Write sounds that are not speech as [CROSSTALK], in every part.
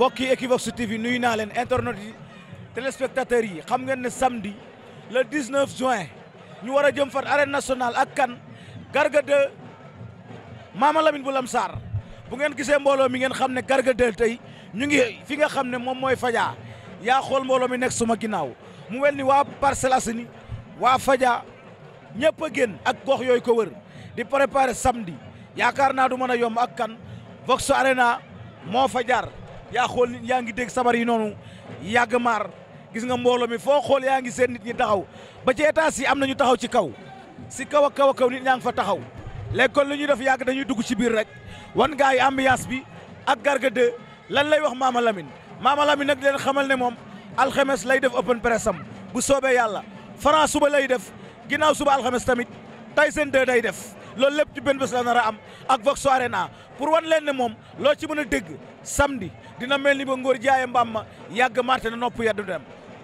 mbokk yi Equivox TV nuyu naa leen internet yi téléspectateurs yi xam ngeen ne samedi le 19 juin ñu war a jëm fat arène nationale ak kan Garga 2 Mama Lamine bu Lamsaar bu ngeen gisee mbooloo mi ngeen xam ne Garga 2 tey ñu ngi fi nga xam ne moom mooy fajaa yaa xool mbooloo mi nekk suma ginnaaw mu wel ni waa Parcelles Assainies waa fajaa ñëpp a génn ak gox yooyu ko wër di préparer samedi yaakaar naa du mën a yomb ak kan Vox Arena moo fa yaa xool nit yaa ngi dégg sabar yi noonu yàgg maar gis nga mbooloo mi foo xool yaa ngi seen nit ñi taxaw ba ci état si am nañu taxaw ci kaw si kaw a kaw a kaw nit ñaa ngi fa taxaw léegi kon li ñuy def yàgg dañuy dugg ci biir rek wan gaa yi bi ak Garga 2 lan lay wax Maama Lamine Maama Lamine nag leen xamal ne moom alxemes lay def open press sam bu soobee yàlla Franc suba lay def ginnaaw suba alxames tamit Tyson 2 day def loolu lépp ci benn bés la nar a am ak Vox Arena pour wan leen ne moom loo ci mën a dégg samedi dina mel ni ba ngóor jaaye mbaam ma yàgg maar te na nopp yeddu dem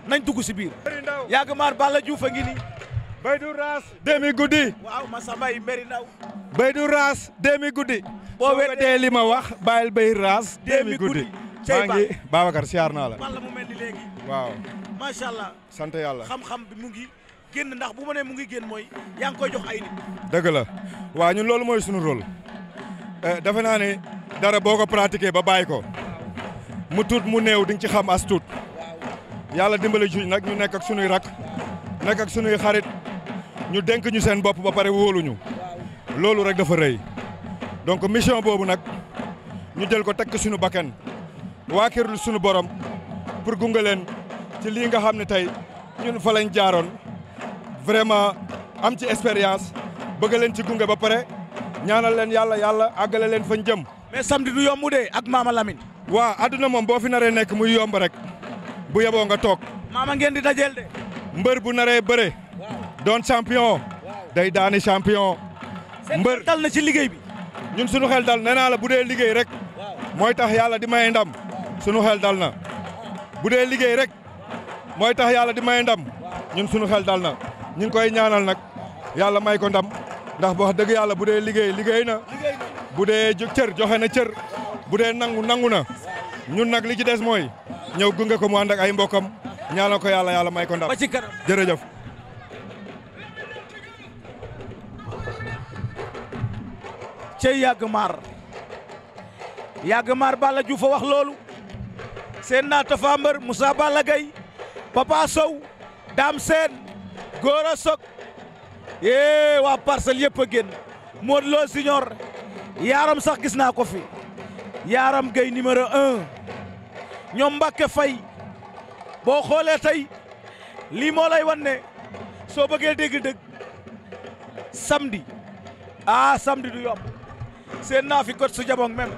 nañ dugg si biir yàgg maar Balla Diouf a ngi nii Baydu Raas demi guddi waaw Masamba yi mbéri ndaw Baydu Raas demi guddi boo weddee li ma wax bàyyil bay Raas demi guddi maa ngi Babacar siyaar naa la Balla mu mel ni léegi waaw macha allah sant yàlla xam-xam bi mu ngi génn ndax bu ma mu ngi génn mooy yaa koy jox ay nit. dëgg la waaw ñun loolu mooy sunu rôle eh, defe naa ne dara boo ko pratiquer ba bàyyi ko mu tuut mu néew di ci xam as tuut yàlla dimbali juñ nag ñu nekk ak suñuy rak nekk ak suñuy xarit ñu dénk ñu seen bopp ba pare wóoluñu loolu rek dafa rëy donc mission boobu nag ñu jël ko tekk suñu bakkan waakirlu suñu borom pour gunge leen ci lii nga xam ne tey ñun fa lañ jaaroon. vraiment am ci expérience bëgg leen ci gunge ba pare ñaanal leen yàlla yàlla àggale leen fañ jëm. mais samedi du yomb de ak maama waa àdduna moom boo fi naree nekk muy yomb rek bu yeboo nga toog. maama di dajeel de. mbër bu naree bëre. doon champion. day daani champion. mbër dal na ci liggéey bi. ñun suñu xel dal nee naa la bu dee liggéey rek. mooy tax yàlla di may ndam. sunu xel dal na. bu dee liggéey rek. mooy tax yàlla di may ndam. ñun sunu xel dal ñu ngi koy ñaanal nag yàlla may ko ndam ndax wax dëgg yàlla bu dee liggéey liggéey na bu dee cër joxe na cër bu dee nangu nangu na ñun nag li ci des mooy ñëw gunge ko mu ànd ak ay mbokkam ñaanal ko yàlla yàlla may ko ndam jërëjëf cey yàgg maar yàgg maar Balla Diouf wax loolu seen naa Tafa Mbër Moussa Balla Gaye Papa Sow Dame góor a sok yee waa parcelle yëpp a génn Modou Lo Junior yaaram sax gis naa ko fi yaaram gay numéro un ñoom Mbacke Faye boo xoolee tey lii moo lay wan soo bëggee dégg-dégg samedi ah samedi du yomb seen naa fi kot su jaboog même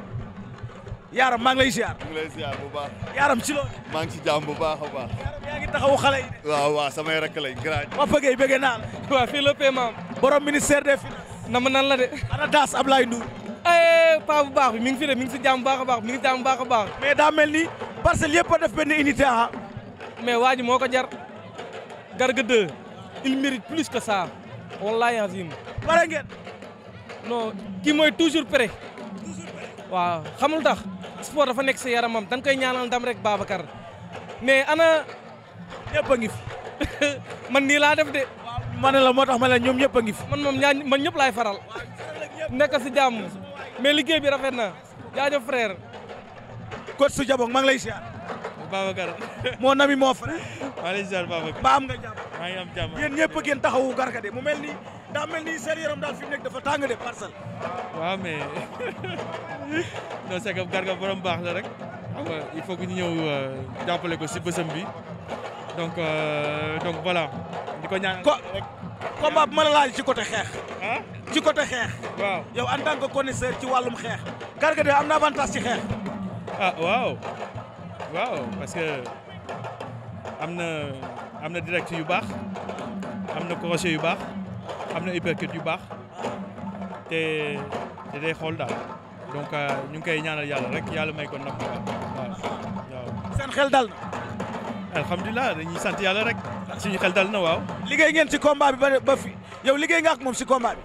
yaaram maa lay ziar. maa ngi bu baax. yaaram ci loolu. maa ngi ci jàmm bu baax a baax. yaaram yaa ngi taxawu xale yi. waaw waaw samay rakk lañ waa Fege bëgg naa la. waaw fii la paiement borom ministère des na ma nan la de. ana daas Ablaye Ndour. Eh, paa bu baax bi mi ngi fi de mi ngi si jàmm baax a baax mi ngi jàmm bu baax a baax. mais daa mel ni parcelle yëpp a def benn unité ah. mais waa ji moo ko jar. Garga 2 il mérite plus que ça. wallaahi azim. pare ngeen. non kii mooy toujours prêt. xamul tax. sport dafa nekk si yaramam dañ koy ñaanal dam rek Babacar mais ana ñëpp a [LAUGHS] man nii laa def de. ma ne la moo tax ma ne ñoom ñëpp a ngi fi. man moom ñaa man ñëpp laay faral nekk si jàmm mais liggéey bi rafet na jaajëf frère. coach su Jabong mang ngi lay ziar. Babacar. [LAUGHS] moo nami moo frère. maa ngi lay ziar Babacar. ba am nga jàmm. maa ngi yéen ñëpp ngeen taxawu Garga de mel ni. daa mel ni seen yaram daal fi mu dafa tàng de parcelle. waaw mais [LAUGHS] non c'est que Garga borom baax la rek xam nga il faut que ñu ñëw euh, jàppale ko si bësam bi donc euh, donc voilà. di ko ñaan ko combat bi ma la ci côté xeex. ci côté yow en tant ci wàllum xeex. Garga de am na avantage ci xeex. ah waaw waaw parce que am na am na direct yu baax am na crochet yu baax. am na uppercut yu baax te day xool daal donc euh, ñu ngi koy ñaanal yàlla rek yàlla may ko ndam waaw waaw. seen xel dal na. alhamdulilah dañuy sant yàlla rek. suñu xel dal na waaw. liggéey ngeen si combat bi ba fi yow liggéey nga ak moom si combat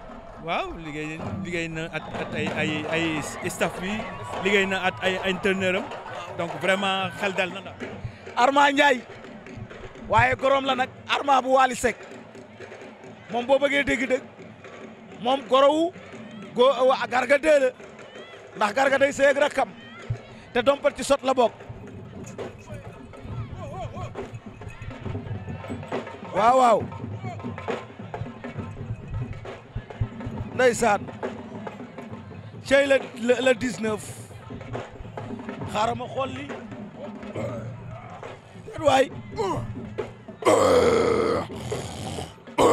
waaw liggéey liggéey na at ay ay ay staff bi liggéey na at ay entraîneur am donc vraiment xel dal na daal. Arma Ndiaye waaye gorom la nag Arma bu Waly Seck. moom boo bëggee dégg-dégg moom gorowu go euh, garga dee ndax garga day seeg rakkam te dompat ci sot la bokk waaw waaw ndeysaan cey la la 19 xaaral ma xool li waay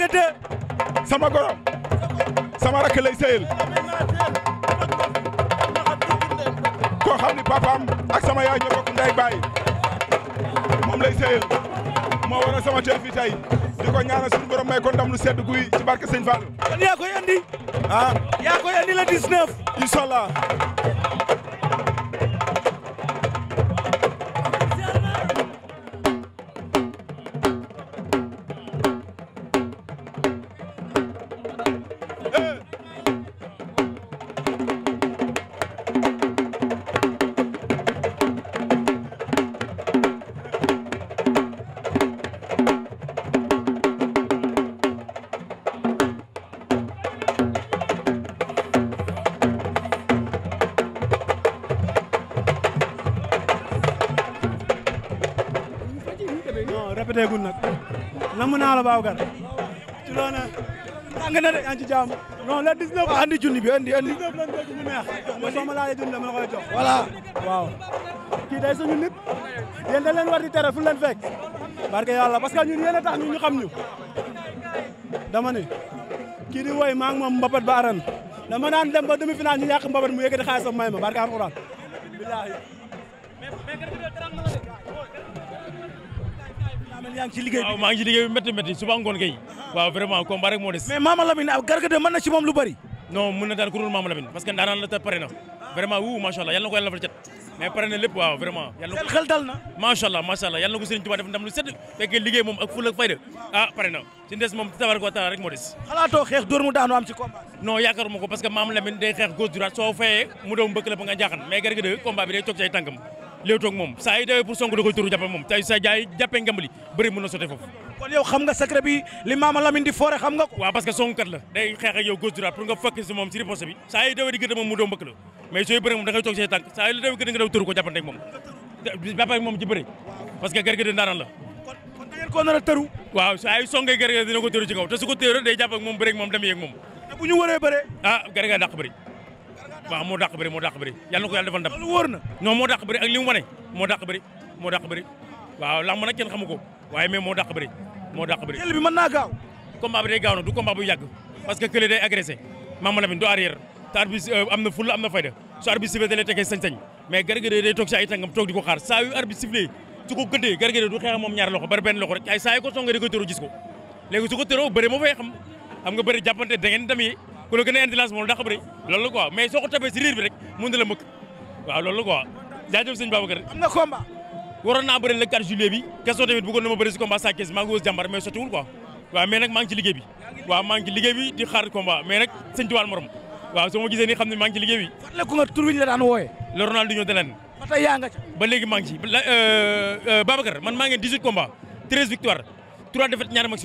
Ndiaga 2 sama goro sama rakk lay sëyal koo xam ni papaam ak sama yaay ñoo bokk nday baay moom lay sëyal moo waral sama teew fii tey di ko ñaanal suñu borom may ko ndam lu sedd guy ci barke Sëñ yaa koy andi. ah yaa koy andi la 19. incha allah. la Babacar ci loo ne tàng na de yaa ngi ci jàmm non la 19 waaw andi junni bi andi andi 19 lañ dégg mu neex ah, ma junni la ma la koy jox voilà waaw kii day suñu nit yéen da leen war di tere fu leen barke yàlla parce que ñun yéen a tax ñu ñu xam ñu dama ne kii di woy maa ngi moom mbapat ba aran dama naan dem ba demi final ñu yàq mbapat mu yëkkati xaalis am may ma barke alxuraan billaahi yaa ngi ci maa ngi ci liggéey bi métti métti suba ngoon ah. waaw vraiment combat rek moo des mais Mama Lamine ab na ci moom lu bari non mën na daan ku dul Mama Lamine parce la te pare na wuu macha yal na ko yàlla defal cat mais pare na lépp waaw vraiment yal na ko xel dal na macha ndam lu sedd fekkee liggéey moom ak ful ak fayda ah, pare na ci ndes moom tabaraka wa taala rek moo des xalaatoo xeex dóor mu daanu am ci combat non yaakaaruma ko parce que léewtoog moom saa dawee pour Sonko da koy turu moom tey sa jaay jàppee ngambali na sote foofu kon yow xam nga secret bi li foore xam nga waaw parce que Sonko kat la day xeex ak yow gauche droite nga fekk si moom si riposte bi saa dawee di gëdd moom mu doo mbëkk la sooy bëri moom da toog say tànk saa dawee gëdd nga daw turu ko jàppante moom jàppante moom ci bëri parce que gargëd ndaanaan la waaw saa waaw moo dàq bëri moo dàq bëri yàlla na ko yàlla defal ndam loolu moo dàq bëri ak li wane moo dàq bëri moo dàq bëri waaw lamb nag kenn xamu ko waaye moo dàq bëri moo dàq bëri jël bi mën naa gaaw combat ku la gën a intelligence moom dax bëri loolu soo ko tabee si bi rek mën la mëkk waaw loolu la quoi jaajëf sëñ Babacar am naa bëri le 4 juillet bi question tamit bëggoon na ma bëri si combat saa kees maa ngi wës jàmbar mais sottiwul quoi waaw mais nag maa ngi bi waaw maa ngi bi di xaar combat mais nag sëñ Tuwaal morom waaw soo ma gisee nii xam ne maa bi fan la nga tur daan wooyee le Ronaldinho de l'année ba tey yaa nga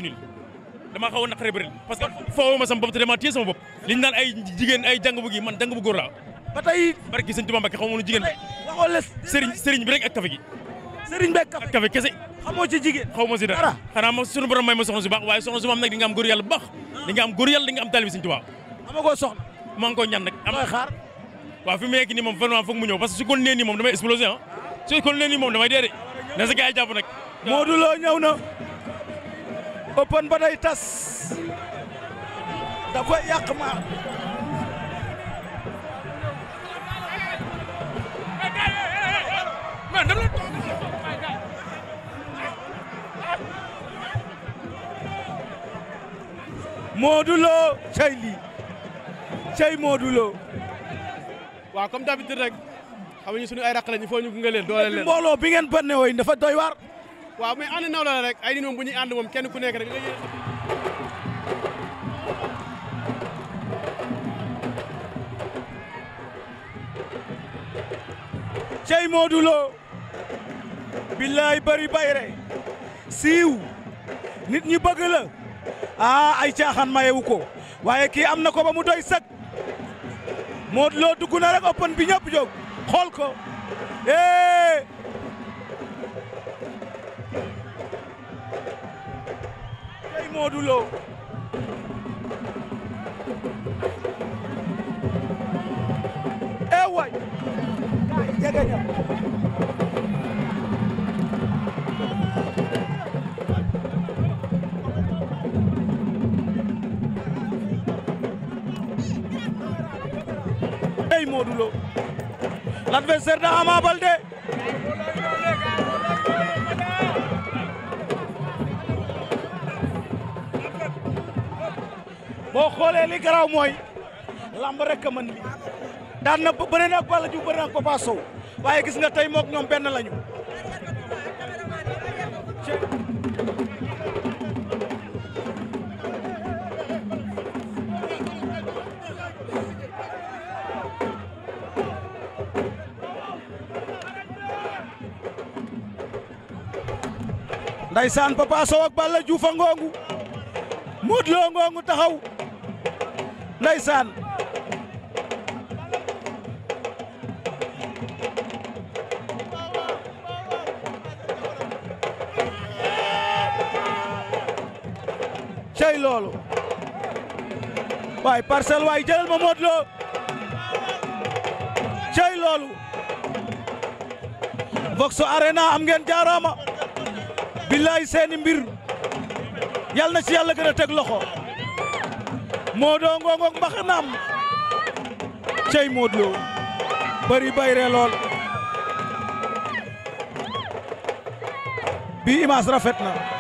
ca dama xaw a naqaree bëri parce que ma sama bopp te dama téye sama bopp liñ ay jigéen ay jàng bu man jàng bu góor laa barki sëñ Tuubaa Mbàkke xaw ma nu bi rek ak kafe gi sëriñ bi ak kafe kese xamoo ci jigéen xaw ma si dara xanaa ma suñu borom may ma soxna su waaye soxna ma am nag di am góor yàlla bu baax am góor yàlla di am taalibi sëñ Tuubaa amagoo soxna maa ngi fi mu nekk nii moom mu ñëw parce que su kon ah. su kon open ba day tas da koy yàq maar Modou Lo cey lii cey Modou Lo waaw comme d'habitude rek xam ñu suñu ay raq lañ il faut ñu gunge leen doole leen mbooloo bi ngeen bennee woy dafa doy war waaw mais ànd naw la rek ay nit moom bu ñuy ànd moom kenn ku nekk rek léegi cey Modou Lo billaay bari bayre siiw nit ñi bëgg aa ah, ay caaxaan mayewu ko waaye kii am na ko ba mu doy sëg Modou Lo dugg na rek open bi ñëpp jóg xool ko ee Modou Lo eh waay jege na ey Modou Lo l'adversaire de xoolee li garaaw mooy làmb rek a mën li daan na bëri na ak Balla waaye gis nga tey mook ñoom benn lañu. Ndaysaan Papa Sow ak Balla Diouf a ngooŋu Modou Lo taxaw. ndeysaan cey loolu waay parcelle waay jëlal ma Modou Lo cey loolu Vox Arena am ngeen jaaraama billaay seeni mbir yal na ci yàlla gën a teg loxo Modou Ngongo ak mbaxanaam cey Modou Lo bëri bayre lool bi rafet na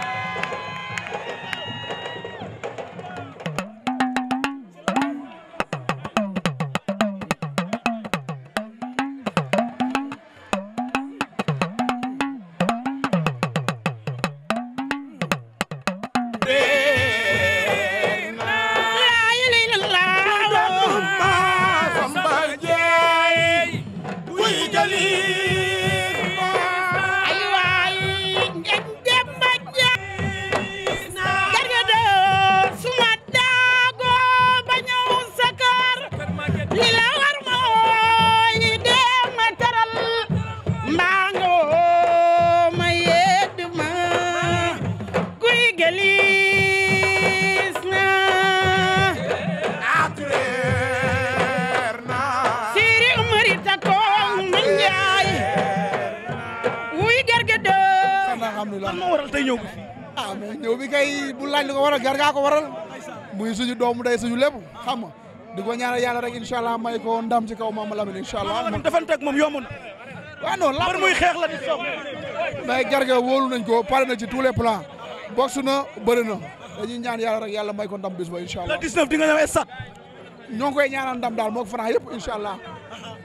kay bu laaj li ko waral gargaa ko waral muy suñu doomu day suñu lépp xam nga di ko ñaanal yàlla rek incha allah may ndam ci kaw Mama Lamine incha allah. moom defanteeg moom yomb na. waaw non lamb muy xeex la di soog. mais garga wóolu na ci tous les plans ndam bis ba incha allah. le 19 di nga ñëw stade. ñoo ngi koy ñaanal ndam daal moog Franc yëpp incha allah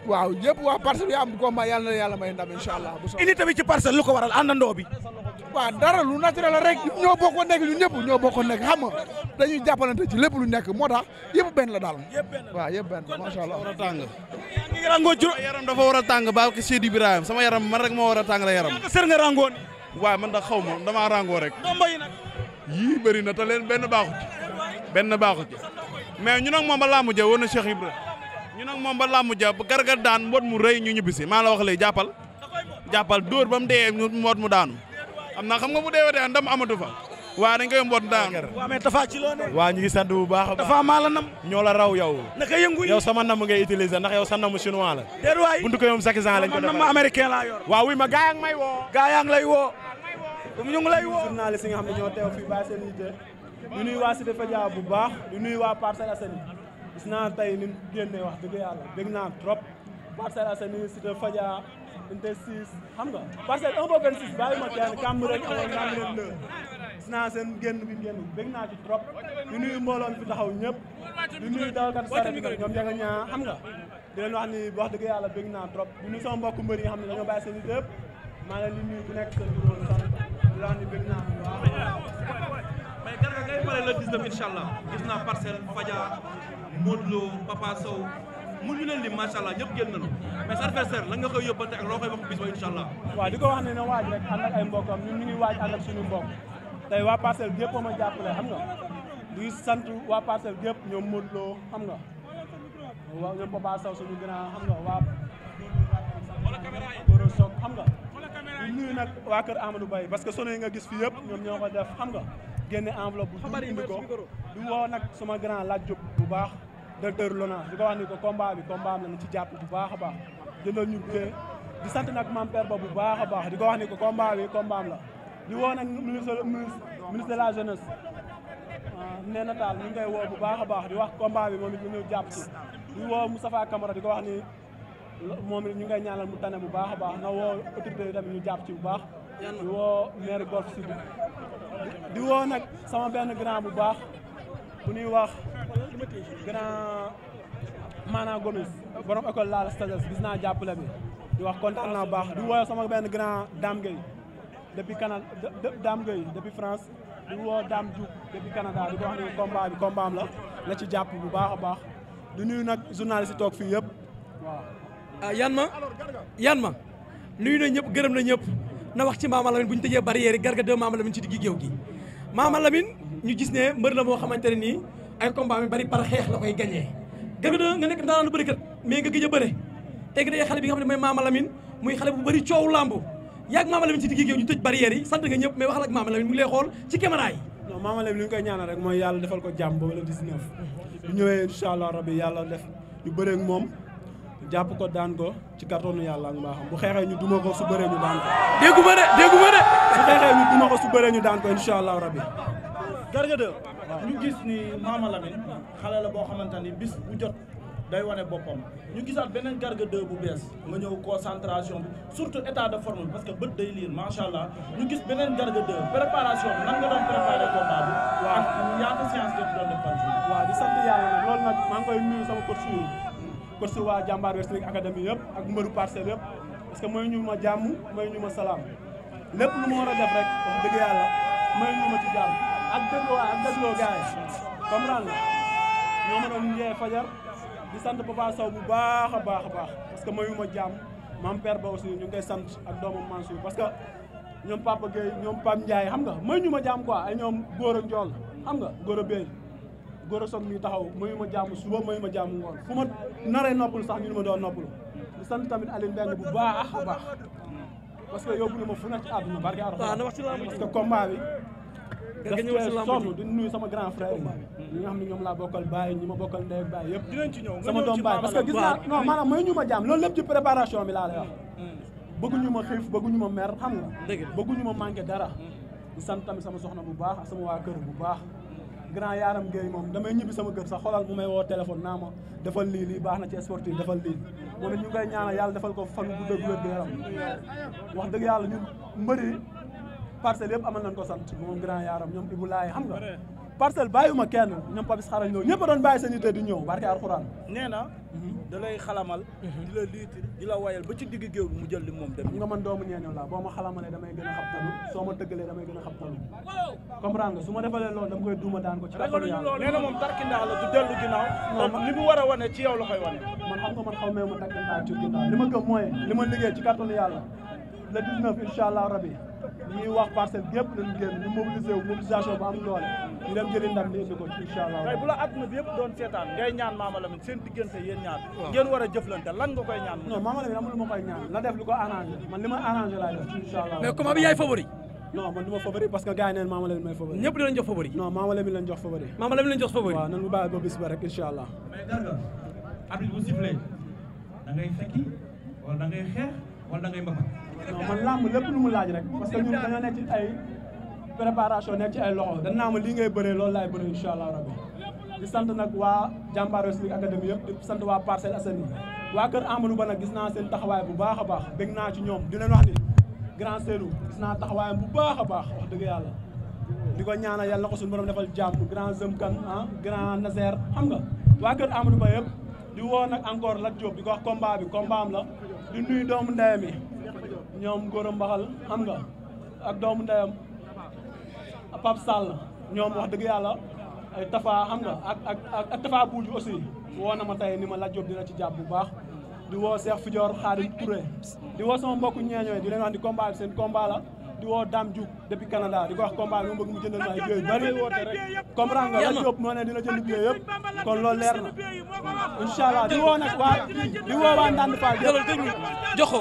waaw yëpp waa parcelle yi am combat yàlla na yàlla may ndam incha allah. ci parcelle lu waral àndandoo bi. waaw dara lu naturel rek ñoo bokk nekk ñun ñëpp ñoo bokk nekk xam nga dañuy jàppalante ci lépp lu nekk moo tax yëpp benn la daal waaw yëpp benn macha allah. war a tàng ngi rangoo juróom yaram war a tàng ba sama yaram man rek moo war a tàng la yaram sër rangoon waaw man da xaw ma damaa rangoo rek ndomba yi nag yii bëri na te leen benn baaxu ci benn baaxu ci ñu nag moom ba mu ja woon na Cheikh Ibrahima ñu nag moom ba laamu ja ba gargar daan mboot mu rey ñu ñibbisi maa la wax lay jàppal jàppal dóor ba mu dee mboot mu daanu xam naa xam nga bu deewee ndam amatu fa waa dañ koy mbot daan waa mais Tafa ci ne waa ñu ngi sant baax a baax Tafa maa la nam ñoo la raw yow naka yëngu nam ngay utiliser ndax yow sa namu chinois la déet waay buntu ko yow ma américain laa yor waaw wuy ma gaa yaa ngi may woo gaa yaa ngi lay woo ñu ngi lay woo ñoo teew fii ba seen yitte di nuyu waa Cité Fadia bu baax di nuyu waa Parcelles Assainies gis naa tey ni mu génnee wax dëgg yàlla dégg naa trop Parcelles Assainies Cité unité 6 xam nga parcelle 1 ba 26 bàyyi ma kenn kàmm rek amoon kàmm rek la gis naa seen génn bi génn bëgg naa ci trop di nuyu mbooloon fi taxaw ñëpp di nuyu dawalkat saret bi ñoom njëkk a ñaa xam nga di leen wax ni wax dëgg yàlla bëgg naa trop di nuyu sama mbokku mbër yi nga xam ne dañoo bàyyi seen yëpp maa ngi leen di nuyu ku nekk seen juróom sant di wax ni bëgg naa mais Garga ngay pare le 19 incha allah gis naa parcelle Fadia Modou Lo Papa Sow mu ñu leen li macha allah ñëpp génn nañu mais sa adversaire lan nga koy yóbbante ak loo koy wax bis ba incha allah. waaw di ko wax ne na waaj rek ànd ak ay mbokkam ñun ñu ngi waaj ànd ak suñu mbokk tey waa parcelle gépp ma jàppale xam nga di sant waa parcelle gépp ñoom Modou Lo xam nga waaw ñoom Papa Sow suñu grand xam nga waa Goro Sock xam nga di nuyu nag waa kër parce que sono yi nga gis fi yëpp ñoom ñoo ko def xam nga génne enveloppe bu indi ko du woo nag sama grand laaj Diop bu baax directeur Lona di ko wax ni ko combat bi combat am la na ci jàpp bu baax baax baax jëndal ñu bee di sant nag maam père ba bu baax a baax di ko wax ni ko combat bi combat di woo nag ministre ministre de la jeunesse ah, ne na taal ñu ngi koy woo bu baax a baax di wax combat bi moom it ñu ngi jàpp ci di woo Moustapha Camara di ko wax ni moom ñu ngi koy ñaanal mu tane bu baax a baax na woo autorité yi tamit ñu jàpp ci bu baax di woo maire Golf si di woo nag sama benn grand bu baax bu ñuy wax grand maana Gomis borom école laal stages gis naa jàppale bi di wax kontaan naa baax di woo sama benn grand Dame Gueye depuis Canada Dame Gueye depuis France di woo Dame Diouf depuis Canada di ko wax ne combat bi la na ci jàpp bu baax a baax di nuyu nag journaliste si toog fii yëpp waaw. Ah, yan ma yan ma nuyu na ñëpp gërëm na ñëpp na wax ci Mama Lamine bu ñu tëjee barrière yi Garga 2 Mama Lamine ci diggi géew gi Mama ñu gis ne mbër la moo xamante ne nii ay combat mi bari par xeex la koy gagné. Garga 2 nga nekk ndaanaan bërikat mais nga gëj a bëre tey gi day xale bi nga xam ne mooy Mama muy xale bu bari coow làmb yaag Mama Lamine ci digg yow ñu tëj barrière yi sant nga ñëpp ak Mama Lamine mu ci caméra yi non ñu koy ñaana rek mooy yàlla defal ko jàmm boobu le 19 bu ñëwee incha allah rabbi yàlla def ñu bëree moom jàpp ko daan ko ci kàttanu yàlla ak mbaaxam bu xeexee ñu duma ko su bëree ñu daan ko déggu ma de su xeexee ñu duma ko su bëree ñu daan ko Garga 2 ñu gis ni Mama Lamine xale la boo xamante ni bis bu jot day wane boppam ñu gisaat beneen Garga bu bees ma ñëw concentration bi surtout état de forme bi parce que bët day liir macha allah ñu gis beneen Garga 2 préparation nan nga doon préparé combat bi. waaw ak ñaata séance ngeen doon def nag loolu nag maa ngi koy nuyu sama coach yi coach waa jàmbaar Wrestling Academy yëpp ak mbëru parcelle yëpp parce que mooy ñu ma jàmm mooy ñu ma salaam lépp lu ma def rek wax dëgg yàlla mooy ma ci jàmm. ak déglu waaye ak dégloo gars yi comprendre di sant Papa Sow bu baax a baax a baax parce que mayu jàmm maam père ba ñu ngi koy sant ak doomam Mansour parce que ñoom Papa Gueye ñoom Pam Ndiaye xam nga mayu ñu ma jàmm quoi ay ñoom góor xam nga góor a béy góor a soog mi taxaw mayu ma jàmm ma jàmm ngoon fu ma naree noppul sax ñu ma doon noppul sant tamit Alioune Mbengue bu baax a baax parce que yóbbu na ma fu na ci àdduna barke Arafat parce que combat bi sonn di nuyu sama grand frère yi ñi nga xam ne ñoom laa bokkal bàyyi ñi ma bokkal ndey ak bàyyi yëpp dinañ ci ñëw sama doom bàyyi parce que gis naa non maanaam may ñu ma jaam loolu lépp ci préparation bi laa lay wax hmm. bëgguñu ma xiif bëgguñu ma mer xam nga bëgguñu ma manqué dara hmm. di sant tamit sama soxna bu baax ak sama waa kër bu baax grand yaaram géey moom damay ñibbi sama kër sax xoolal mu may woo téléphone naa ma defal lii lii baax na ci sportif defal lii moom it ñu ngi koy ñaanal yàlla defal ko fan bu dëgg wér-gu-yaram wax dëgg yàlla ñun mbëri parcelle yëpp amal nañ ko sant moom grand yaaram ñoom Ibou Laye xam nga mhm. mhm. la liitir man a xam talu soo a xam ko ci moom tarkindaa la du dellu ginnaaw a wane ci yow la xam nga man xaw mee ma li ma gëm mooy li ma liggéey ci kàttanu yàlla le 19 incha allah rabi ñu wax parcelle gépp nañu génn ñu mobilisé wu mobilisation bu am doole ñu dem jëli ndam li indi ko incha allah tey bu la adduna bi yëpp doon seetaan ngay ñaan Mama Lamine seen diggante yéen ñaar war a jëflante lan nga koy ñaan non Mama Lamine amul lu ma koy ñaan la def lu ko man li ma arrangé laay def incha allah mais comment bi yaay favori non man du ma favori parce que gars yi neen Mama Lamine may favori ñëpp dinañ jox non man làmb lépp lu mu laaj rek parce que dañoo nekk ci ay préparation nekk ci ay loxo da naa ma lii ngay bëree loolu laay bëree incha allah rabbi di sant nag waa Jàmbaar Wrestling Academy yëpp di sant waa Parcelles Assainies waa kër Amadou Ba nag gis naa seen taxawaay bu baax a baax dégg naa ci ñoom di leen wax ni grand Seydou gis naa taxawaayam bu baax a baax wax dëgg yàlla di ko ñaanal yàlla ko suñu borom defal jàmm grand Zem Kan ah grand Nazer xam nga waa kër di woo nag encore Lat Diop di ko wax combat bi combat la di nuyu doomu ñoom Gora Mbaxal xam nga ak doomu ndeyam Pape Sall ñoom wax dëgg yàlla ay Tafa xam nga ak ak ak Tafa Buuju aussi woo na ma tey ni ma Lat Diop dina ci jàpp bu baax di woo Cheikh Fidior Khadim Touré di woo sama mbokku ñeeñooy di leen wax ni combat seen combat di woo Dame Diouf depuis Canada di ko wax combat bi mu bëgg ma ay billets yu bari woote nga la Diop moo ne dina jënd billets yëpp kon na incha di woo nag waa di woo waa Ndande Fall jëlal déglu jox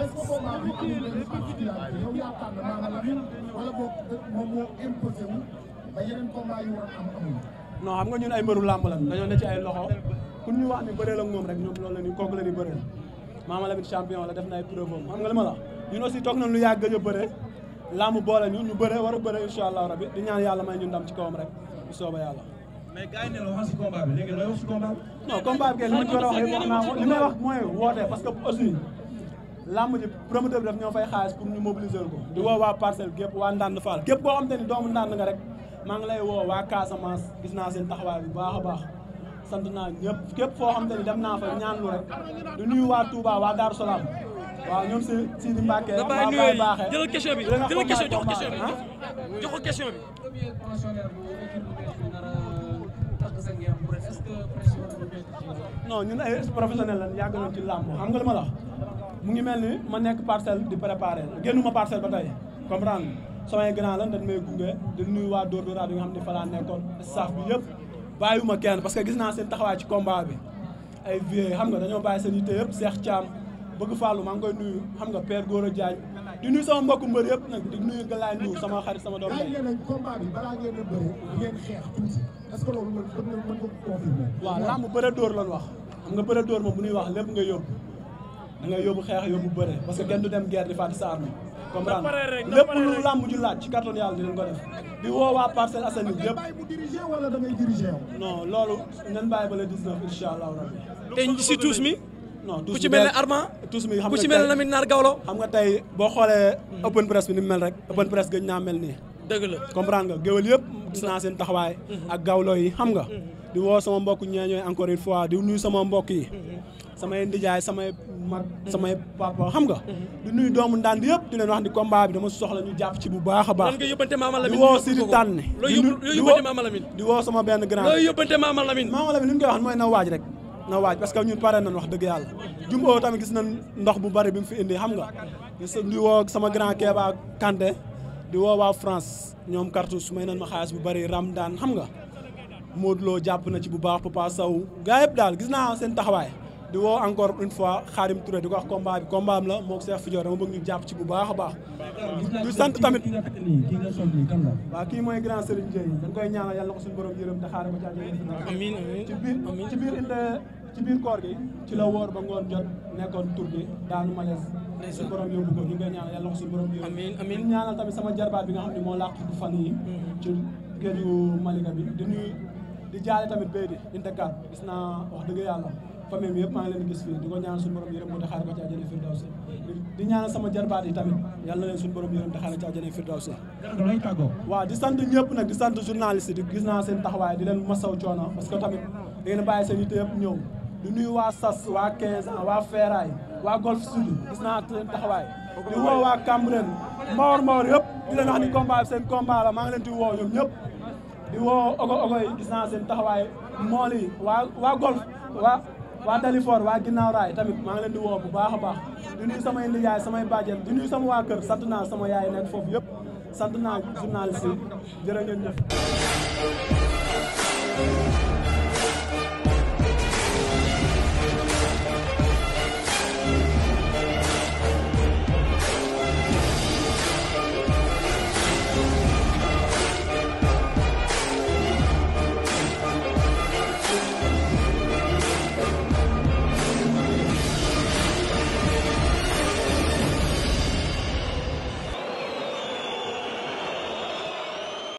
est-ce que boobu am na yow yaa tànn maanaam la wala boog moom moo imposé wu a am amul. non xam nga ñun ay mbëru làmb lan dañoo ne ci ay loxo pour ñu wax ni bëreel ak moom rek ñoom loolu la ni kooku la ni bëreel Mama Lamine champion la def na ay preuve am xam nga li ma ñun aussi toog nañ lu yàgg gëj a bëre làmb boole ñu ñu bëre war a bëre incha allah rabi di ñaan yàlla ma ñu ndam ci kawam rek bu sooba yàlla mais gars yi ne la wax si wax si combat ma ci war a wax wax naa ko li may wax mooy woote aussi làmb ji promoteur bi ñoo fay xaalis pour ñu mobiliser ko di woo waa parcelle gépp waa Ndande Fall gépp boo xam te ni rek maa ngi lay woo waa Casamance gis naa seen taxawaay bu baax a baax sant naa ñëpp képp foo xam te ni dem naa fa ñaan lu rek du nuyu waa Touba waa Darou Salaam waaw ñoom si Sidi Mbacke waa Baye Baaxe jëlal question bi jëlal question jox ko question bi jox ko question bi. non ñun ay professionnel lañ yàgg nañ ci làmb xam nga li mu ngi mel ni ma nekk parcelle di préparer génnuma parcelle ba tey comprendre samay grand la dañ may gunge di nuyu waa Dóor Dóoraat yi nga xam ne fa laa nekkoon staff bi yëpp bàyyiwuma kenn parce que gis naa seen taxawaay ci combat bi ay vieux xam nga dañoo bàyyi seen yitte yëpp Cheikh Thiam bëgg Fallou maa ngi koy nuyu xam nga Père Gora Diagne di nuyu sama mbokku mbër yëpp nag di nuyu Galaye Ndour sama xarit sama doom day ngeen combat bi balaa ngeen a bëri ngeen xeex tuuti est-ce que dóor wax xam nga bëre dóor moom bu ñuy wax lépp nga yóbbu da ngay yóbbu xeex yóbbu bëre parce que kenn du dem guerre di fàtte sa arme comprendre lépp lu làmb ju laaj ci kàttanu yàlla dinañ ko def di woo waa Parcelles Assainies yëpp wala da loolu ngeen bàyyi ba le 19 incha allahu rabbi te si tuus mi non ci mel ne Armand tuus mi ku ci mel ne Lamine Naar Gawlo xam nga tey boo xoolee open ni mu mel rek open naa mel nii dëgg la comprendre nga géwél yëpp gis naa seen taxawaay mhm. ak gawlo yi xam nga mhm. di woo sama mbokk ñeeñooy encore une fois di nuyu sama mbokk yi mhm. samay ndijaay samay mag mm-hmm. samay papa xam nga mm-hmm. du nuy doomu ndànd yëpp di leen wax ni combat bi dama soxla ñu jàpp ci bu baax a baax di woo Sidi Tànne di woo sama benn grand Maama Lamine lu ñu koy wax mooy na waaj rek na waaj parce que ñun pare nañ wax dëgg yàlla jumboo tamit gis nañ ndox bu bari bi mu fi indi xam nga di woo sama grand Kéba Kanté di woo waa France ñoom Cartouche may na ma xaalis bu bari daan xam nga Modou Lo jàpp na ci bu baax Papa saw gaa yëpp gis naa seen taxawaay di woo encore une fois Khadim Touré di ko wax combat bi la moog Cheikh Fidior dama bëgg ñu jàpp ci bu baax a baax. du sant tamit waaw kii mooy grand Serigne Ndiaye dañ koy ñaanal yàlla ko suñu borom yërëm te xaaral ko jaajëfal. amiin amiin ci biir ci biir nekkoon tur bi daanu malaise. suñu borom yóbbu ko ñu ngi koy ñaanal yàlla ko suñu borom yërëm. tamit sama jarbaat bi nga xam ne moo làq du fan yi mm-hmm. ci kër yu Malika bi di nuyu di jaale tamit béy di inte gis naa wax dëgg yàlla famille bi yëpp maa ngi leen di gis fii di ko ñaanal suñu borom yërëm mu taxaar ko ci àjjana firdawsi di ñaanal sama jarbaat yi tamit yàlla na leen suñu borom yërëm taxaar ci àjjana firdawsi waaw di sant ñëpp nag di sant journaliste di gis naa seen taxawaay di leen masaw coono parce que tamit da ngeen bàyyi seen yitte yëpp ñëw di nuyu waa sas waa 15 ans waa feeraay waa golf sud gis naa seen taxawaay di woo waa Cambérène mawor mawor yëpp di leen wax ni combat seen combat la maa ngi leen di woo ñoom ñëpp di woo ogo ogo yi gis naa seen taxawaay mool yi waa waa golf waa waa Dalifort waa ginnaaw raay tamit maa ngi leen di woo bu baax a baax di nuyu samay nijaay samay bàjjen di nuyu sama waa kër sant naa sama yaay nekk foofu yëpp sant naa journaliste si jërë ngeen jëf